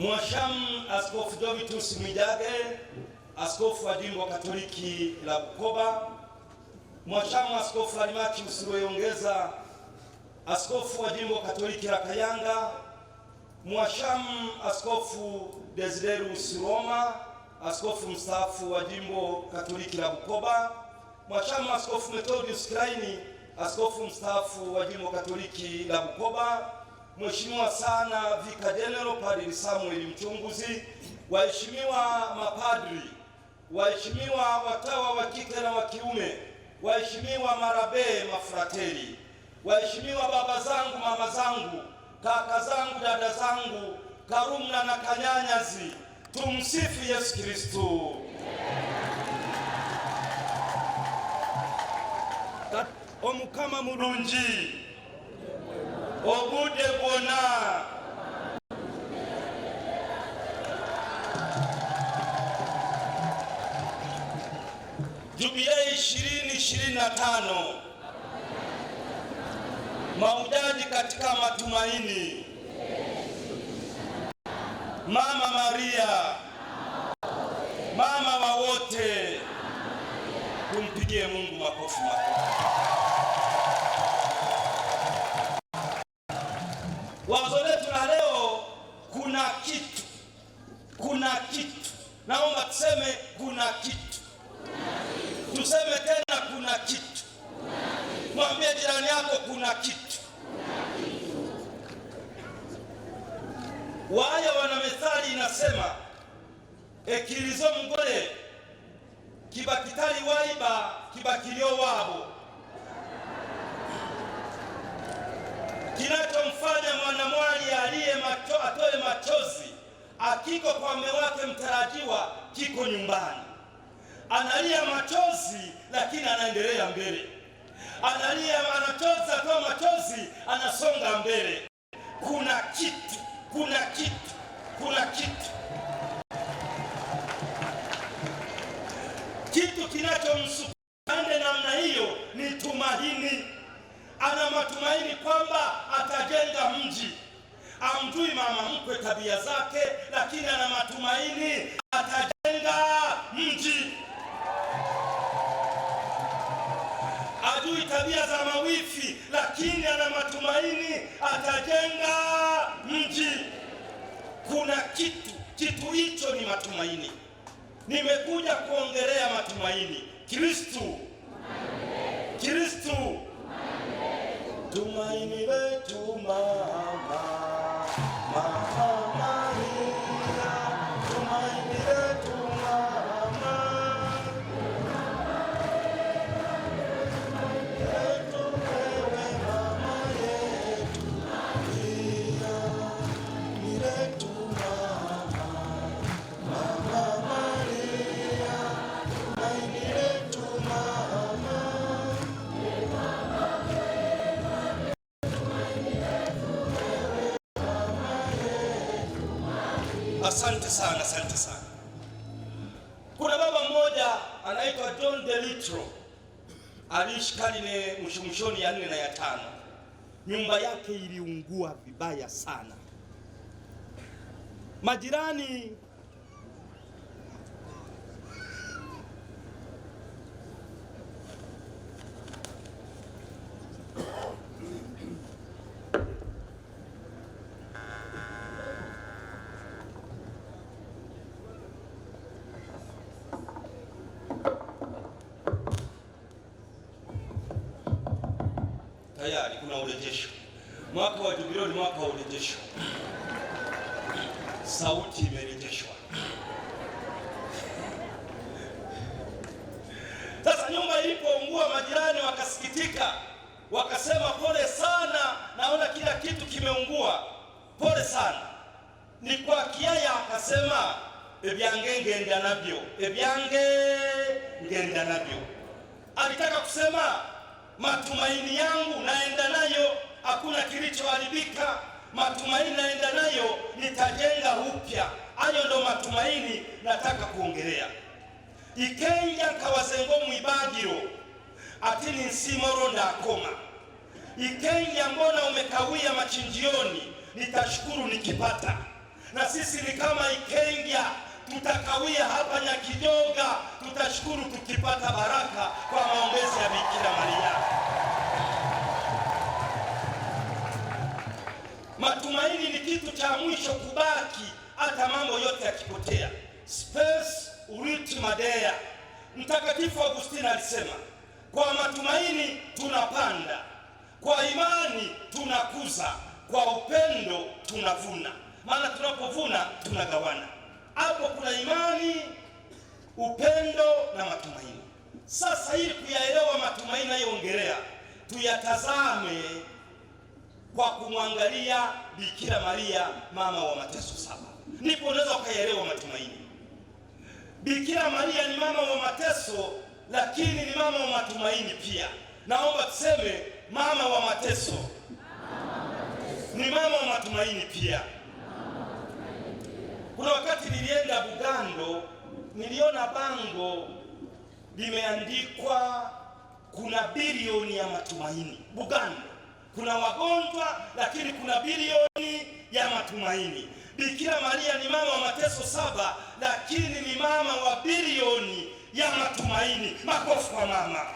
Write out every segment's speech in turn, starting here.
Mwashamu Askofu Jovitus Mwijage, askofu wa jimbo Katoliki la Bukoba, mwashamu Askofu Almatius Rweyongeza, askofu wa jimbo Katoliki la Kayanga, mwashamu Askofu Desiderus Roma, askofu mstaafu wa jimbo Katoliki la Bukoba, mwashamu Askofu Methodius kraini askofu mstaafu wa jimbo Katoliki la Bukoba Mheshimiwa sana Vika General Padri Samuel Mchunguzi, waheshimiwa mapadri, waheshimiwa watawa wa kike na wa kiume, waheshimiwa marabe mafrateli, waheshimiwa baba zangu, mama zangu, kaka zangu, dada zangu, karumna na kanyanyazi, tumsifu Yesu Kristo. Omukama mulungi Obute Bona. Jubilei ishirini ishirini na tano katika matumaini. Mama Maria, mama wa wote, tumpigie Mungu makofi makofi. kuna kitu, kuna kitu. Naomba tuseme kuna kitu, tuseme tena kuna kitu. Mwambie jirani yako kuna kitu. Waya wana methali inasema ekirizo mugole kibakitali waiba kibakilio wabo kinachomfanya mwanamwali aliye macho, atoe machozi akiko kwa mume wake mtarajiwa kiko nyumbani, analia machozi lakini anaendelea mbele, analia anachoza, atoa machozi, anasonga mbele. Kuna kitu, kuna kitu, kuna kitu kitu kinachomsukuma namna hiyo ni tumaini ana matumaini kwamba atajenga mji. Amjui mama mkwe tabia zake, lakini ana matumaini atajenga mji. Ajui tabia za mawifi, lakini ana matumaini atajenga mji. Kuna kitu, kitu hicho ni matumaini. Nimekuja kuongelea matumaini. Kristu, Kristu tumaini letu Asante sana, asante sana. Kuna baba mmoja anaitwa John delitro aliishi karne mshumshoni ya nne na ya tano. Nyumba yake iliungua vibaya sana, majirani tayari kuna urejesho. Mwaka wa jubileo ni mwaka wa urejesho, sauti imerejeshwa. Sasa nyumba ilipoungua, majirani wakasikitika, wakasema pole sana, naona kila kitu kimeungua, pole sana. Ni kwa kiaya akasema, ebyange ngenda navyo, ebyange ngenda navyo. Alitaka kusema matumaini yangu naenda nayo, hakuna kilichoharibika. Matumaini naenda nayo, nitajenga upya. Hayo ndo matumaini nataka kuongelea. ikenja kawasengo mwibagiro ati ni nsimoro ndakoma ikenja, mbona umekawia machinjioni? Nitashukuru nikipata na sisi ni kama ikenja tutakawia hapa nyakidoga tutashukuru tukipata baraka kwa maombezi ya Bikira Maria. Matumaini ni kitu cha mwisho kubaki, hata mambo yote yakipotea. Spes ultima dea, Mtakatifu Agustino alisema, kwa matumaini tunapanda, kwa imani tunakuza, kwa upendo tunavuna. Maana tunapovuna tunagawana hapo kuna imani, upendo na matumaini. Sasa ili kuyaelewa matumaini nayoongelea, tuyatazame kwa kumwangalia Bikira Maria mama wa mateso saba, ndipo unaweza ukayaelewa matumaini. Bikira Maria ni mama wa mateso, lakini ni mama wa matumaini pia. Naomba tuseme mama wa mateso, mama wa mateso, ni mama wa matumaini pia. Kuna wakati nilienda Bugando, niliona bango limeandikwa kuna bilioni ya matumaini Bugando. Kuna wagonjwa lakini kuna bilioni ya matumaini. Bikira Maria ni mama wa mateso saba, lakini ni mama wa bilioni ya matumaini. Makofi kwa mama.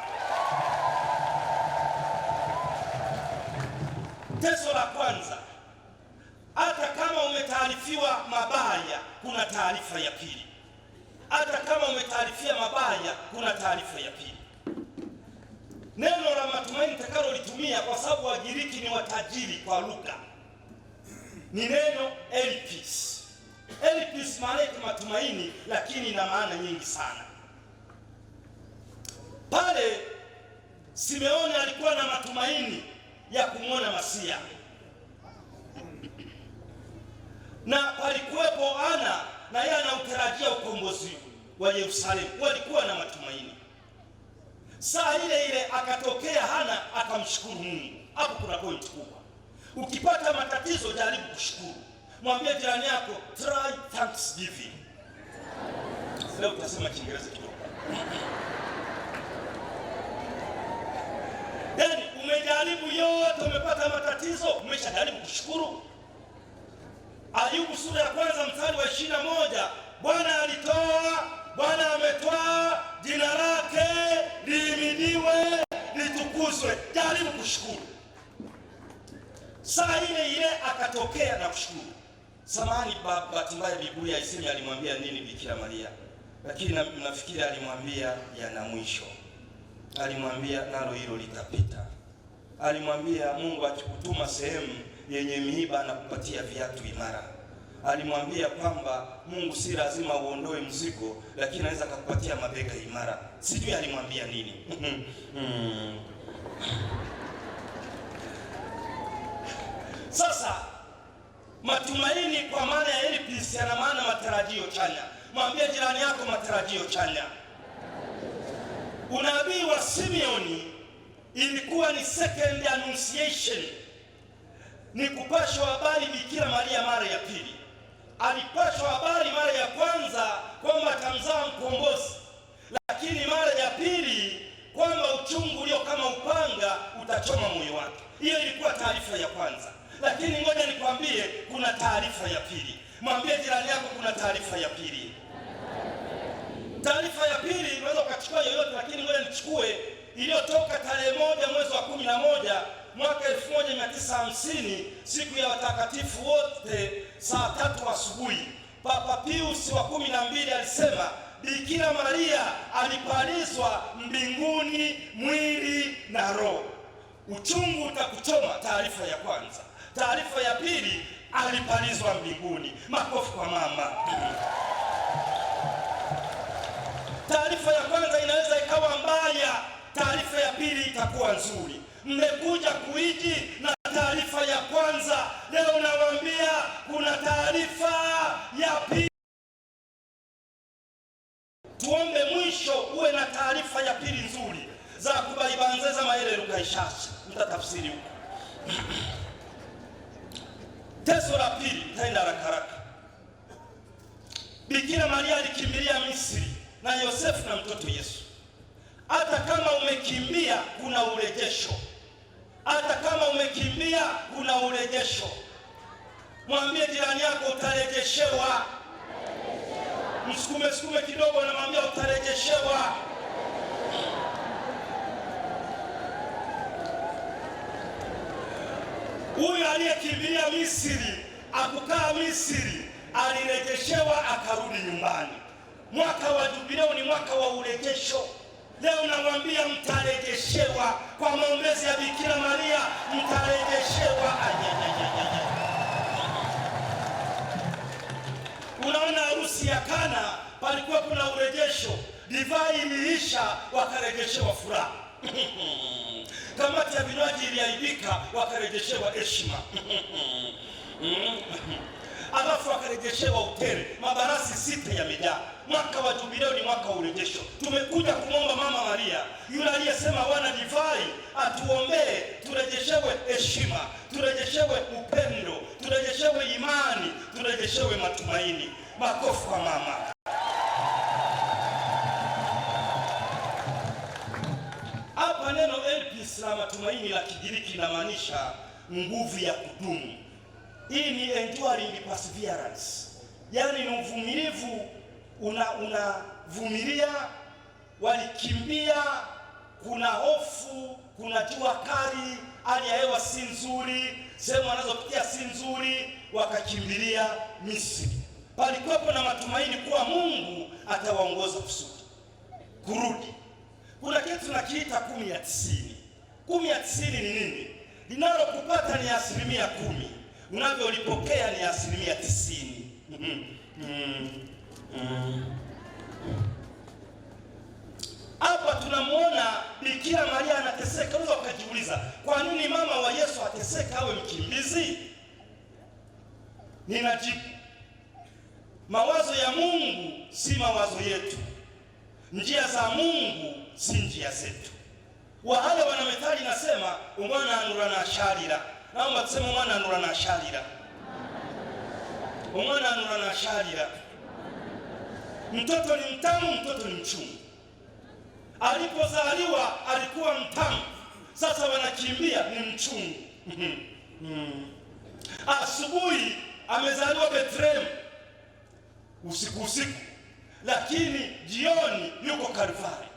Teso la kwanza hata kama umetaarifiwa mabaya, kuna taarifa ya pili. Hata kama umetaarifia mabaya, kuna taarifa ya pili. Neno la matumaini litumia, kwa sababu Wagiriki ni watajiri kwa lugha, ni neno elpis. Elpis maana yake matumaini, lakini ina maana nyingi sana. Pale Simeoni alikuwa na matumaini ya kumwona Masia. na palikuwepo Ana na yeye anautarajia ukombozi wa Yerusalemu, walikuwa na matumaini. Saa ile ile akatokea Hana akamshukuru Mungu. Hapo kuna point kubwa. Ukipata matatizo, jaribu kushukuru, mwambie jirani yako try thanksgiving. Leo utasema Kiingereza kidogo Yaani, umejaribu yote, umepata matatizo, umeshajaribu kushukuru Ayubu sura ya kwanza mstari wa ishirini na moja Bwana alitoa, Bwana ametwaa, jina lake lihimidiwe, litukuzwe. Jaribu kushukuru saa ile ile, akatokea na kushukuru. Samahani, bahati mbaya Biblia isemi alimwambia nini Bikira Maria, lakini nafikiri alimwambia yana mwisho, alimwambia nalo hilo litapita, alimwambia Mungu akikutuma sehemu yenye miiba na kupatia viatu imara. Alimwambia kwamba Mungu si lazima uondoe mzigo, lakini anaweza akakupatia mabega imara. Sijui alimwambia nini. Hmm. Sasa matumaini kwa maana ya elpis yana maana matarajio chanya. Mwambie jirani yako matarajio chanya. Unabii wa Simeoni ilikuwa ni second annunciation ni kupashwa habari Bikira Maria mara ya pili. Alipashwa habari mara ya kwanza kwamba atamzaa mkombozi, lakini mara ya pili kwamba uchungu ulio kama upanga utachoma moyo wake. Hiyo ilikuwa taarifa ya kwanza, lakini ngoja nikwambie, kuna taarifa ya pili. Mwambie jirani yako, kuna taarifa ya pili. Taarifa ya pili unaweza ukachukua yoyote, lakini ngoja nichukue iliyotoka tarehe moja mwezi wa kumi na moja mwaka 1950 siku ya watakatifu wote saa tatu asubuhi, Papa Pius wa kumi na mbili alisema Bikira Maria alipalizwa mbinguni mwili na roho. Uchungu utakuchoma, taarifa ya kwanza. Taarifa ya pili, alipalizwa mbinguni. Makofi kwa mama. taarifa ya pili itakuwa nzuri. Mmekuja kuiji na taarifa ya kwanza, leo nawaambia kuna taarifa ya pili. Tuombe mwisho uwe na taarifa ya pili nzuri za kubaibanzeza maele lukaishasha mtatafsiri huko. Teso la pili taenda haraka haraka. Bikira Maria alikimbilia Misri na Yosefu na mtoto Yesu hata kama umekimbia kuna urejesho, hata kama umekimbia kuna urejesho. Mwambie jirani yako utarejeshewa. Msukume sukume kidogo, namwambia utarejeshewa. Huyu aliyekimbia Misri akukaa Misri alirejeshewa akarudi nyumbani. Mwaka wa jubileo ni mwaka wa urejesho. Leo nawaambia mtarejeshewa, kwa maombezi ya Bikira Maria mtarejeshewa. Unaona, harusi ya Kana palikuwa kuna urejesho, divai iliisha, wakarejeshewa furaha kamati ya vinywaji iliaibika, wakarejeshewa heshima mm alafu akarejeshewa hoteli, mabarasi sita yamejaa. Mwaka wa jubileo ni mwaka wa urejesho. Tumekuja kumwomba Mama Maria yule aliyesema wana divai atuombee, turejeshewe heshima, turejeshewe upendo, turejeshewe imani, turejeshewe matumaini. Makofu kwa mama. Hapa neno elpis la matumaini la Kigiriki linamaanisha nguvu ya kudumu hii ni enduring perseverance, yaani ni uvumilivu unavumilia. Una walikimbia, kuna hofu, kuna jua kali, hali ya hewa si nzuri, sehemu wanazopitia si nzuri, wakakimbilia Misri. Palikuwepo na matumaini kuwa Mungu atawaongoza kusudi kurudi. Kuna kitu tunakiita kumi ya tisini. Kumi ya tisini ni nini? Linalokupata ni asilimia kumi unavyolipokea ni asilimia tisini. Hapa tunamwona Bikira Maria anateseka. Unaweza ukajiuliza kwa nini mama wa Yesu ateseka awe mkimbizi? Ninajibu, mawazo ya Mungu si mawazo yetu, njia za Mungu si njia zetu. Wahala wana methali nasema umwana anura na sharira naomba tuseme omwana anula nashalira omwana anula nashalira mtoto ni mtamu mtoto ni mchungu alipozaliwa alikuwa mtamu sasa wanakimbia ni mchungu asubuhi amezaliwa Bethlehem usiku usiku lakini jioni yuko Kalvari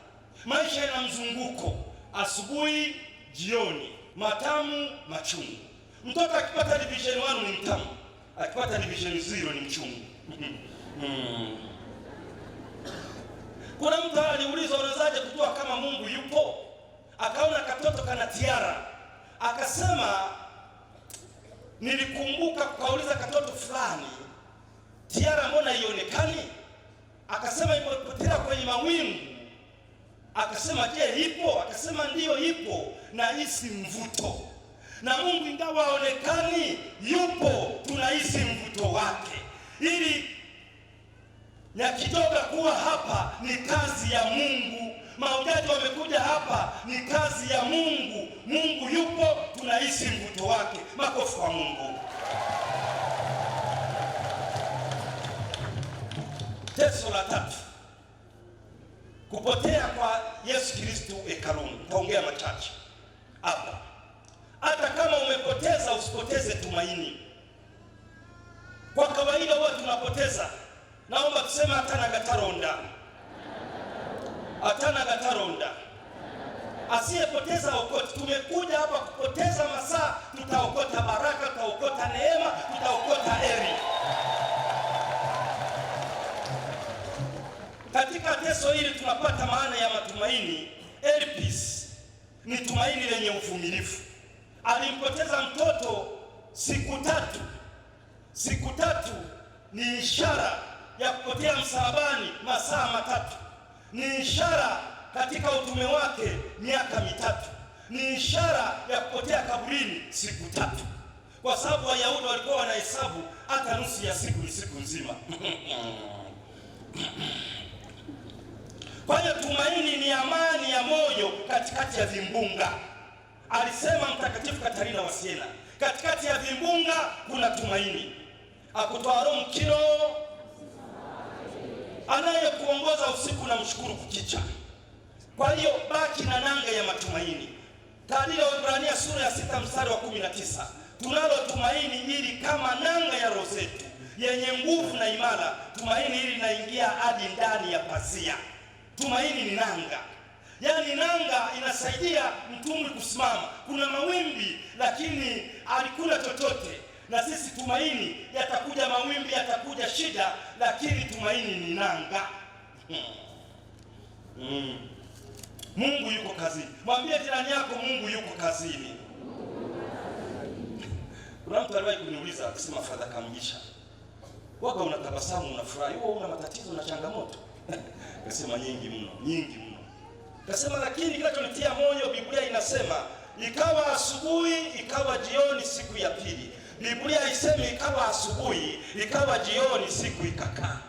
maisha yana mzunguko asubuhi jioni matamu machungu. Mtoto akipata division 1 ni mtamu, akipata division 0 ni mchungu. Hmm. Kuna mtu aliulizwa, unawezaje kujua kama Mungu yupo? Akaona katoto kana tiara, akasema nilikumbuka kauliza katoto fulani, tiara mbona haionekani? Akasema imepotea kwenye mawingu Akasema, je, ipo? Akasema ndiyo, ipo nahisi mvuto na Mungu ingawa haonekani, yupo, tunahisi mvuto wake. Ili yakitoka kuwa hapa ni kazi ya Mungu, maujaji wamekuja hapa ni kazi ya Mungu. Mungu yupo, tunahisi mvuto wake. Makofi kwa Mungu. Teso la tatu kupotea kwa Yesu Kristo hekaluni. Taongea machache hapa. Hata kama umepoteza, usipoteze tumaini. Kwa kawaida huwa tunapoteza, naomba tuseme hatana gataronda, gataronda asiyepoteza okoti. Tumekuja hapa kupoteza masaa, tutaokota baraka, tutaokota neema, tutaokota heri. Katika teso hili tunapata maana ya matumaini. Elpis ni tumaini lenye uvumilivu. Alimpoteza mtoto siku tatu. Siku tatu ni ishara ya kupotea msalabani masaa matatu, ni ishara katika utume wake miaka mitatu, ni ishara ya kupotea kaburini siku tatu, kwa sababu Wayahudi walikuwa wanahesabu hata nusu ya siku ni siku nzima Kwa hiyo tumaini ni amani ya moyo katikati ya vimbunga, alisema Mtakatifu Katarina wa Siena. Katikati ya vimbunga kuna tumaini. Akutwaro mkiro anayekuongoza usiku na mshukuru kukicha. Kwa hiyo baki na nanga ya matumaini. Taariri wa Ibrania sura ya sita mstari wa kumi na tisa tunalo tumaini hili kama nanga ya roho zetu yenye nguvu na imara. Tumaini hili linaingia hadi ndani ya pazia tumaini ni nanga, yaani nanga inasaidia mtumbwi kusimama. Kuna mawimbi, lakini alikula chochote na sisi tumaini, yatakuja mawimbi, yatakuja shida, lakini tumaini ni nanga. Mm. Mungu yuko kazini. Mwambie jirani yako Mungu yuko kazini. Kuna mtu aliwahi kuniuliza akisema, Fadha Kamugisha, waka unatabasamu, unafurahi, wewe una matatizo na changamoto Kasema nyingi mno, nyingi mno. Kasema lakini kinachonitia moyo, Biblia inasema ikawa asubuhi, ikawa jioni, siku ya pili. Biblia haisemi ikawa asubuhi, ikawa jioni, siku ikakaa.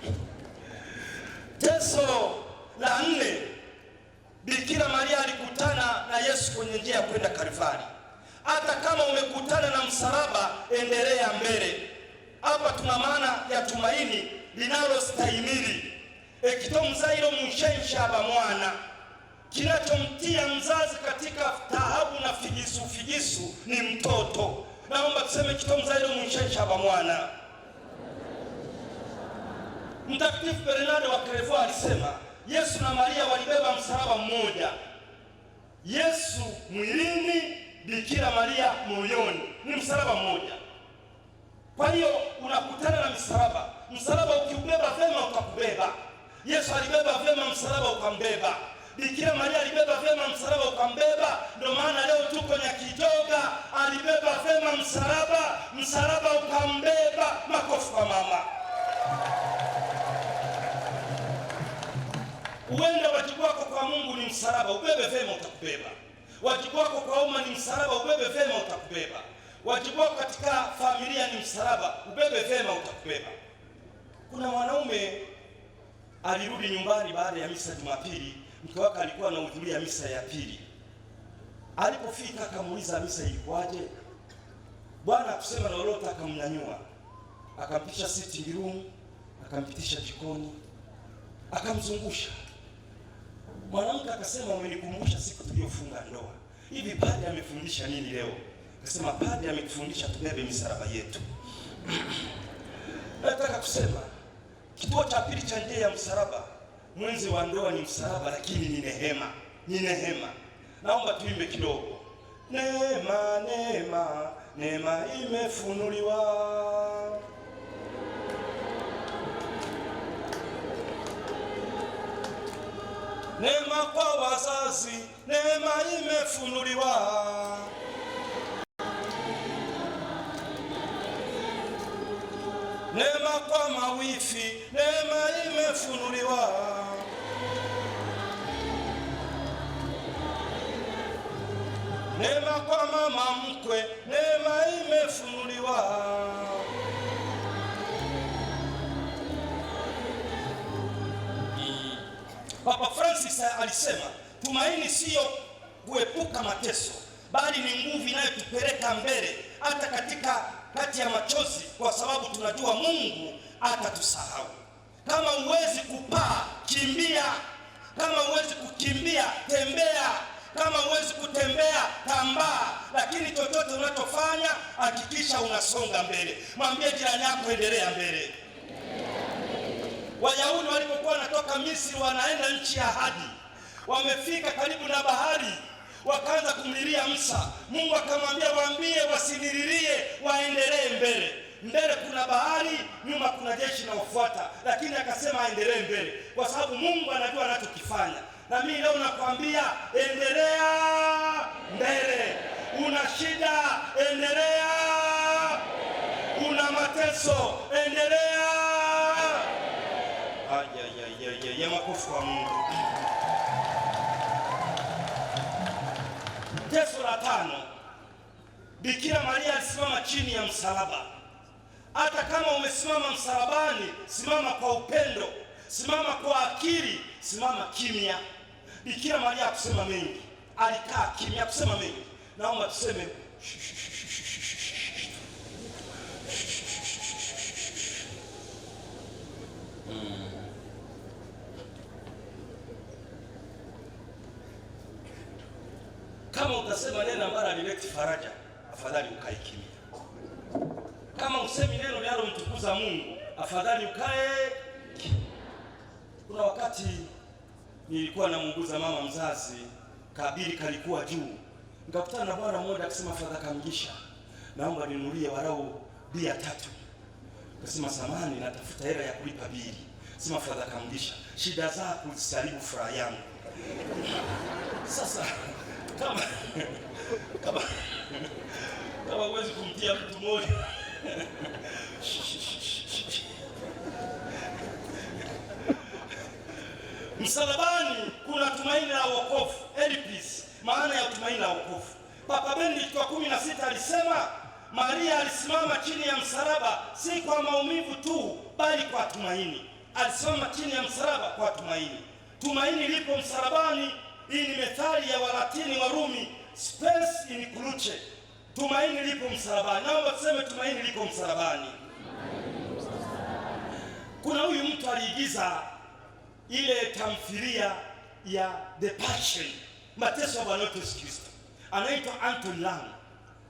Teso la nne, Bikira Maria alikutana na Yesu kwenye njia ya kwenda Kalvari. Hata kama umekutana na msalaba, endelea mbele. Hapa tuna maana ya tumaini linalostahimili ekitomuzairo munshensha mwana kinachomtia mzazi katika taabu na figisu figisu ni mtoto. Naomba tuseme kitomzairo munshensha mwana. Mtakatifu bernard wa Clairvaux alisema Yesu na Maria walibeba msalaba mmoja, Yesu mwilini, Bikira Maria moyoni. Ni msalaba mmoja. Kwa hiyo unakutana na msalaba msalaba ukiubeba vyema ukakubeba. Yesu alibeba vyema msalaba ukambeba. Bikira Maria alibeba vyema msalaba ukambeba. Ndio maana leo tuko Nyakitoga, alibeba vyema msalaba, msalaba ukambeba. Makofi kwa mama. Uende wajibu wako kwa Mungu ni msalaba, ubebe vyema, utakubeba. Wajibu wako kwa umma ni msalaba, ubebe vyema, utakubeba. Wajibu wako katika familia ni msalaba, ubebe vyema, utakubeba. Kuna mwanaume alirudi nyumbani baada ya misa Jumapili, mke wake alikuwa anahudhuria misa ya pili. Alipofika akamuuliza misa ilikuwaje? Bwana akusema na lolote, akamnyanyua akampisha sitting room, akampitisha jikoni, akamzungusha. Mwanamke akasema, umenikumbusha siku tuliyofunga ndoa. Hivi padre amefundisha nini leo? Akasema, padre ametufundisha tubebe misalaba yetu. Nataka kusema Kituo cha pili cha njia ya msalaba, mwenzi wa ndoa ni msalaba, lakini ni nehema, ni nehema. Naomba tuimbe kidogo. Neema, neema, neema imefunuliwa neema kwa wazazi, neema imefunuliwa neema kwa mawifi, neema imefunuliwa. Neema kwa mama mkwe, neema imefunuliwa. Papa Francis alisema tumaini siyo kuepuka mateso, bali ni nguvu inayotupeleka mbele hata katika kati ya machozi, kwa sababu tunajua Mungu atatusahau. Kama huwezi kupaa, kimbia. Kama huwezi kukimbia, tembea. Kama huwezi kutembea, tambaa. Lakini chochote unachofanya hakikisha unasonga mbele. Mwambie jirani yako, endelea mbele. Wayahudi walipokuwa wanatoka Misri wanaenda nchi ya ahadi, wamefika karibu na bahari wakaanza kumlilia Musa. Mungu akamwambia waambie wasinililie, waendelee mbele. Mbele kuna bahari, nyuma kuna jeshi linalofuata, lakini akasema aendelee mbele, kwa sababu Mungu anajua anachokifanya. Na mimi leo nakwambia endelea mbele. Una shida, endelea. Una mateso, endelea. Makofi kwa Mungu. Teso la tano, Bikira Maria alisimama chini ya msalaba. Hata kama umesimama msalabani, simama kwa upendo, simama kwa akili, simama kimya. Bikira Maria akusema mengi, alikaa kimya, kusema mengi. Naomba tuseme mm. Kama utasema neno ambalo halileti faraja, afadhali kimya. Kama usemi neno linalomtukuza Mungu, afadhali ukae. Kuna wakati nilikuwa namuuguza mama mzazi, kabili kalikuwa juu, nikakutana na bwana mmoja akisema, Fadha kamgisha naomba ninurie warau bia tatu. Kasema samani, natafuta hela ya kulipa bili. Sema Fadha Kamugisha, shida zako zisaribu furaha yangu. Sasa kama kama kama huwezi kumtia mtu moyo msalabani, kuna tumaini la wokovu. Elipis, maana ya tumaini la wokovu. Papa Benedikto wa kumi na sita alisema Maria alisimama chini ya msalaba si kwa maumivu tu, bali kwa tumaini. Alisimama chini ya msalaba kwa tumaini. Tumaini lipo msalaba hii ni methali ya Walatini Warumi, spes in cruce, tumaini lipo msalabani. Naomba tuseme tumaini liko msalabani. Kuna huyu mtu aliigiza ile tamthilia ya The Passion, mateso ya Bwana Yesu Kristo, anaitwa Anton Lang,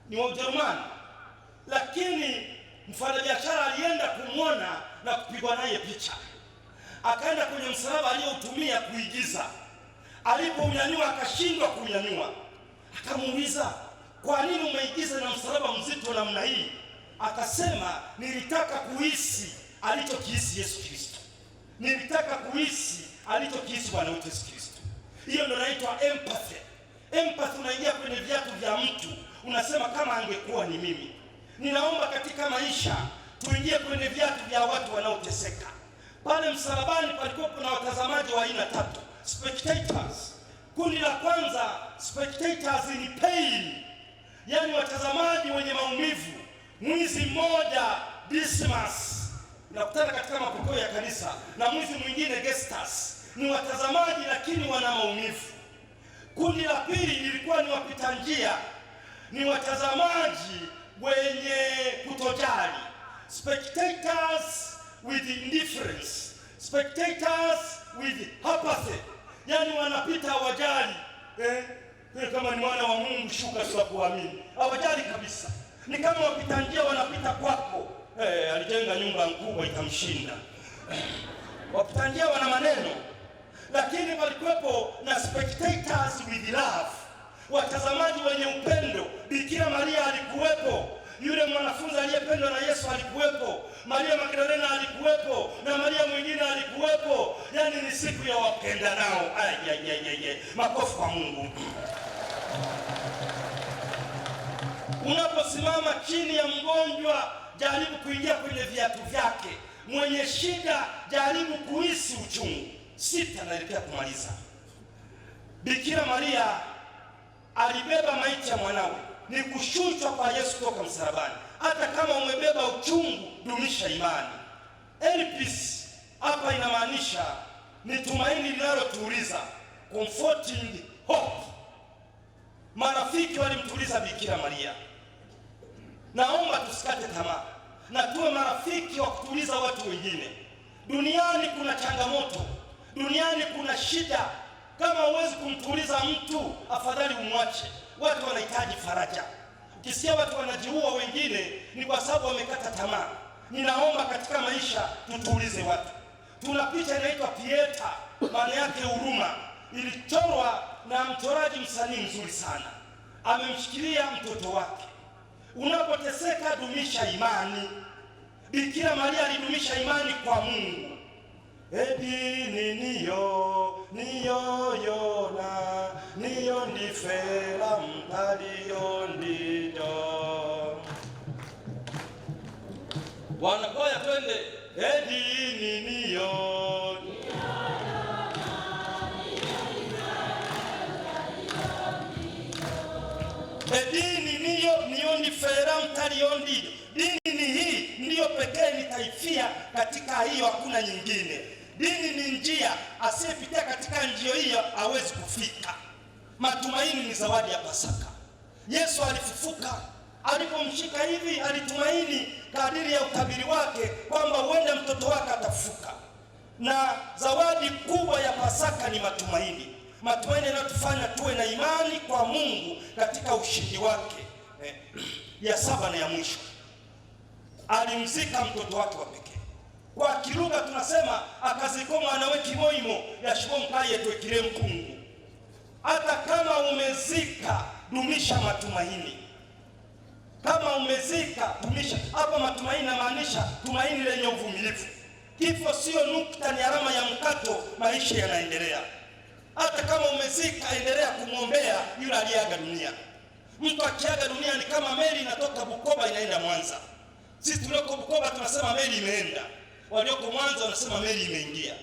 ni wa Ujerumani, lakini mfanyabiashara alienda kumwona na kupigwa naye picha, akaenda kwenye msalaba aliyotumia kuigiza alipounyanyua akashindwa kuunyanyua, akamuuliza kwa nini umeigiza na msalaba mzito namna hii? Akasema, nilitaka kuhisi alichokihisi Yesu Kristo, nilitaka kuhisi alichokihisi Bwana wetu Yesu Kristo. Hiyo ndio inaitwa empathy. Empathy, unaingia kwenye viatu vya mtu, unasema kama angekuwa ni mimi. Ninaomba katika maisha tuingie kwenye viatu vya watu wanaoteseka. Pale msalabani palikuwa kuna watazamaji wa aina tatu spectators. Kundi la kwanza spectators ni pain, yani watazamaji wenye maumivu. Mwizi mmoja Dismas nakutana katika mapokeo ya kanisa na mwizi mwingine Gestas, ni watazamaji lakini wana maumivu. Kundi la pili lilikuwa ni wapita njia, ni watazamaji wenye kutojali, spectators with indifference spectators with hapase, yani wanapita hawajali eh, eh, kama ni mwana wa Mungu shuka sio kuamini, hawajali kabisa, ni kama wapita njia wanapita kwako. Eh, alijenga nyumba kubwa itamshinda. Eh, wapita njia wana maneno, lakini walikuwepo na spectators with love, watazamaji wenye upendo. Bikira Maria alikuwepo yule mwanafunzi aliyependwa na Yesu alikuwepo, Maria Magdalena alikuwepo na Maria mwingine alikuwepo. Yaani ni siku ya wapenda nao. Ayayayay, makofi kwa Mungu. Unaposimama chini ya mgonjwa, jaribu kuingia kwenye viatu vyake. Mwenye shida, jaribu kuhisi uchungu. Sita, naelekea kumaliza. Bikira Maria alibeba maiti ya mwanawe ni kushushwa kwa Yesu kutoka msalabani. Hata kama umebeba uchungu, dumisha imani. Elpis hapa inamaanisha ni tumaini linalotuliza, comforting hope. Marafiki walimtuliza Bikira Maria. Naomba tusikate tamaa na tuwe marafiki wa kutuliza watu wengine. Duniani kuna changamoto, duniani kuna shida. Kama huwezi kumtuliza mtu, afadhali umwache. Watu wanahitaji faraja. Ukisikia watu wanajiua wengine, ni kwa sababu wamekata tamaa. Ninaomba katika maisha tutulize watu. Tuna picha inaitwa Pieta, maana yake huruma. Ilichorwa na mchoraji msanii mzuri sana, amemshikilia mtoto wake. Unapoteseka dumisha imani. Bikira Maria alidumisha imani kwa Mungu. Edini niniyo niyoyona niyondifera aliyondida wanakoya twende edini niyo edini niyo niyondifera mtaliyondido dini ni hii ndiyo pekee nitaifia katika hiyo hakuna nyingine Dini ni njia, asiyepitia katika njia hiyo hawezi kufika. Matumaini ni zawadi ya Pasaka. Yesu alifufuka, alipomshika hivi alitumaini kadiri ya utabiri wake kwamba huenda mtoto wake atafuka na zawadi kubwa ya Pasaka ni matumaini. Matumaini yanayotufanya tuwe na imani kwa Mungu katika ushindi wake. Eh, ya saba na ya mwisho, alimzika mtoto wake wa kwa Kiruga tunasema akazikoma nawe kimoimo yashibo mkaye twekile mpungu. Hata kama umezika, dumisha matumaini. Kama umezika, dumisha hapa matumaini. Namaanisha tumaini lenye uvumilivu. Kifo sio nukta, ni alama ya mkato, maisha yanaendelea. Hata kama umezika, endelea kumwombea yule aliyeaga dunia. Mtu akiaga dunia ni kama meli inatoka Bukoba inaenda Mwanza. Sisi tulioko Bukoba tunasema meli imeenda walioko Mwanza wanasema meli imeingia,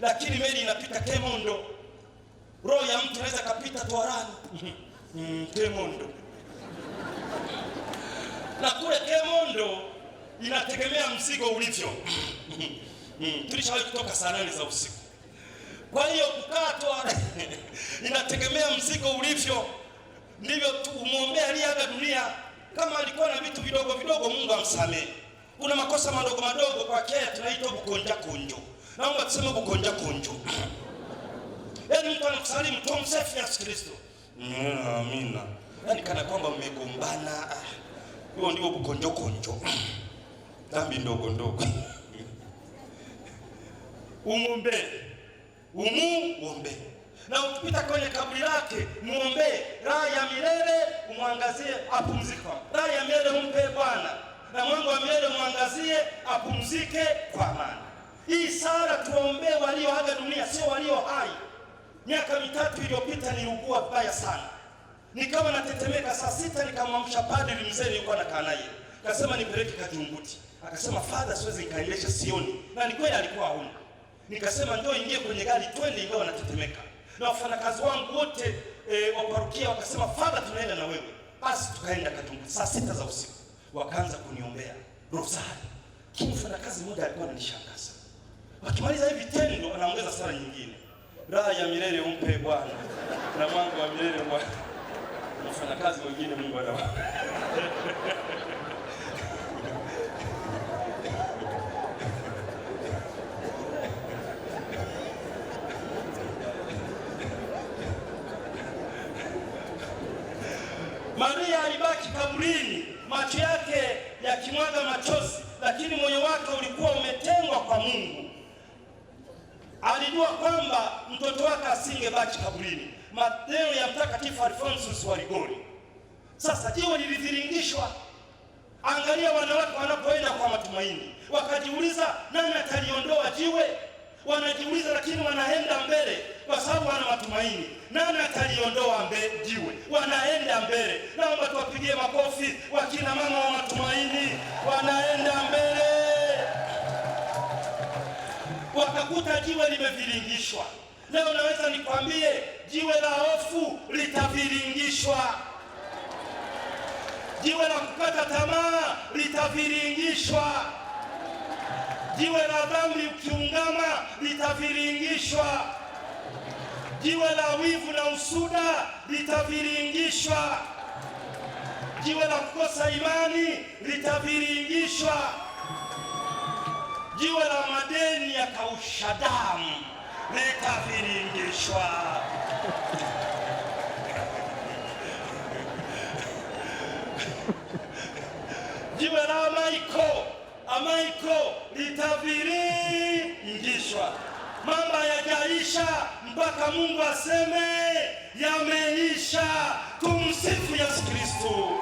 lakini meli inapita Kemondo. Roho ya mtu inaweza kapita Tuarani mm-hmm. mm, Kemondo na kule Kemondo inategemea mzigo ulivyo. Mm-hmm. mm, tulishawahi kutoka saa nane za usiku, kwa hiyo kukatwa inategemea mzigo ulivyo, ndivyo umwombea aliyeaga dunia. Kama alikuwa na vitu vidogo vidogo, Mungu amsamehe kuna makosa madogo madogo kwa Kenya tunaitwa kukonja kunjo. Naomba tuseme kukonja kunjo. Yaani mtu anakusalimu tu msefu Yesu Kristo. Mm, amina. Yaani kana kwamba mmegombana. Hiyo ndio kukonjo kunjo. Dhambi ndogo ndogo. Umu Umuombe. Na ukipita kwenye kaburi lake, muombe raha ya milele, umwangazie apumzike. Raha ya milele umpe Bwana na Mungu wa milele mwangazie apumzike kwa amani. Hii sala walio walioaga dunia, sio walio hai. Miaka mitatu iliyopita niliugua vibaya sana, nikawa natetemeka. Saa sita nikamwamsha padri mzee nilikuwa nakaa naye, akasema nipeleke Kajumbuti. Akasema fadha, siwezi nikaendesha, sioni. Na ni kweli alikuwa haoni. Nikasema ndio, ingie kwenye gari twende, ingawa natetemeka. Na wafanyakazi wangu wote e, wa parokia wakasema fadha, tunaenda na wewe. Basi tukaenda Kajumbuti saa sita za usiku wakaanza kuniombea rosari. Kimfanyakazi mmoja alikuwa ananishangaza, wakimaliza hivi tendo anaongeza sala nyingine, raha ya milele umpe Bwana na mwanga wa milele Bwana. Mfanyakazi mwingine Mungu ana Maria alibaki kaburini, macho yake akimwaga machozi, lakini moyo wake ulikuwa umetengwa kwa Mungu. Alijua kwamba mtoto wake asingebaki kaburini. Maneno ya Mtakatifu Alfonsus wa Ligori. Sasa jiwe liliviringishwa. Angalia wanawake wanapoenda kwa matumaini, wakajiuliza nani ataliondoa jiwe? wanajiuliza, lakini wanaenda mbele kwa sababu wana matumaini. Nani ataliondoa jiwe? Wanaenda mbele. Naomba tuwapigie makofi wakina mama wa matumaini, wanaenda mbele. Wakakuta jiwe limeviringishwa, leo naweza nikwambie jiwe la hofu litaviringishwa, jiwe la kukata tamaa litaviringishwa Jiwe la dhambi ukiungama litaviringishwa, jiwe la wivu na usuda litaviringishwa, jiwe la kukosa imani litaviringishwa, jiwe la madeni ya kausha damu litaviringishwa. jiwe la Maiko amaiko litaviringishwa. Mambo yajaisha mpaka Mungu aseme yameisha. Tumsifu Yesu Kristo.